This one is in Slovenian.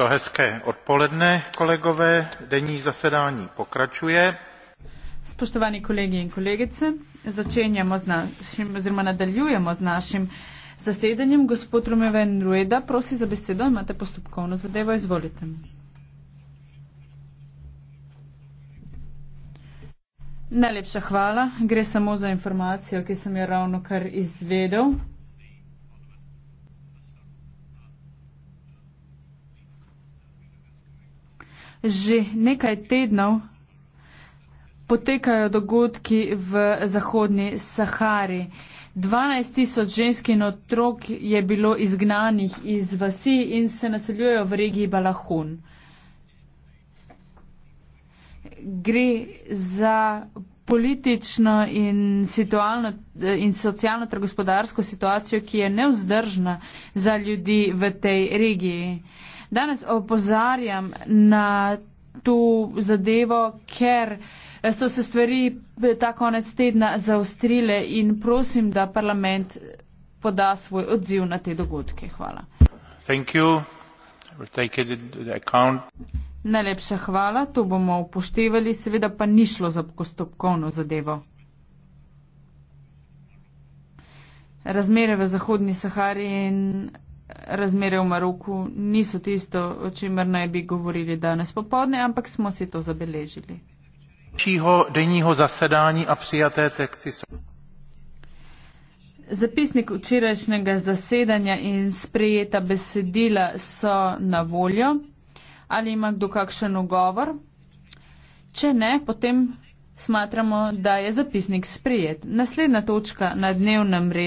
Hezké odpoledne, kolegové. Denní zasedání pokračuje. Spoštovani kolegi in kolegice, začenjamo z našim, oziroma nadaljujemo z našim zasedanjem. Gospod Rumeven Rueda, prosi za besedo, imate postopkovno zadevo, izvolite. Najlepša hvala. Gre samo za informacijo, ki sem jo ravno kar izvedel. Že nekaj tednov potekajo dogodki v Zahodni Sahari. 12 tisoč žensk in otrok je bilo izgnanih iz vasi in se naseljujejo v regiji Balahun. Gre za politično in, situalno, in socialno ter gospodarsko situacijo, ki je nevzdržna za ljudi v tej regiji. Danes opozarjam na tu zadevo, ker so se stvari ta konec tedna zaustrile in prosim, da parlament poda svoj odziv na te dogodke. Hvala. Thank you. We'll take it into account. Najlepša hvala, to bomo upoštevali, seveda pa ni šlo za postopkovno zadevo. Razmere v Zahodni Sahari in razmere v Maroku niso tisto, o čemer naj bi govorili danes popovdne, ampak smo si to zabeležili. Zapisnik včerajšnjega zasedanja in sprejeta besedila so na voljo ali ima kdo kakšen ogovor. Če ne, potem smatramo, da je zapisnik sprijet. Naslednja točka na dnevnem redu.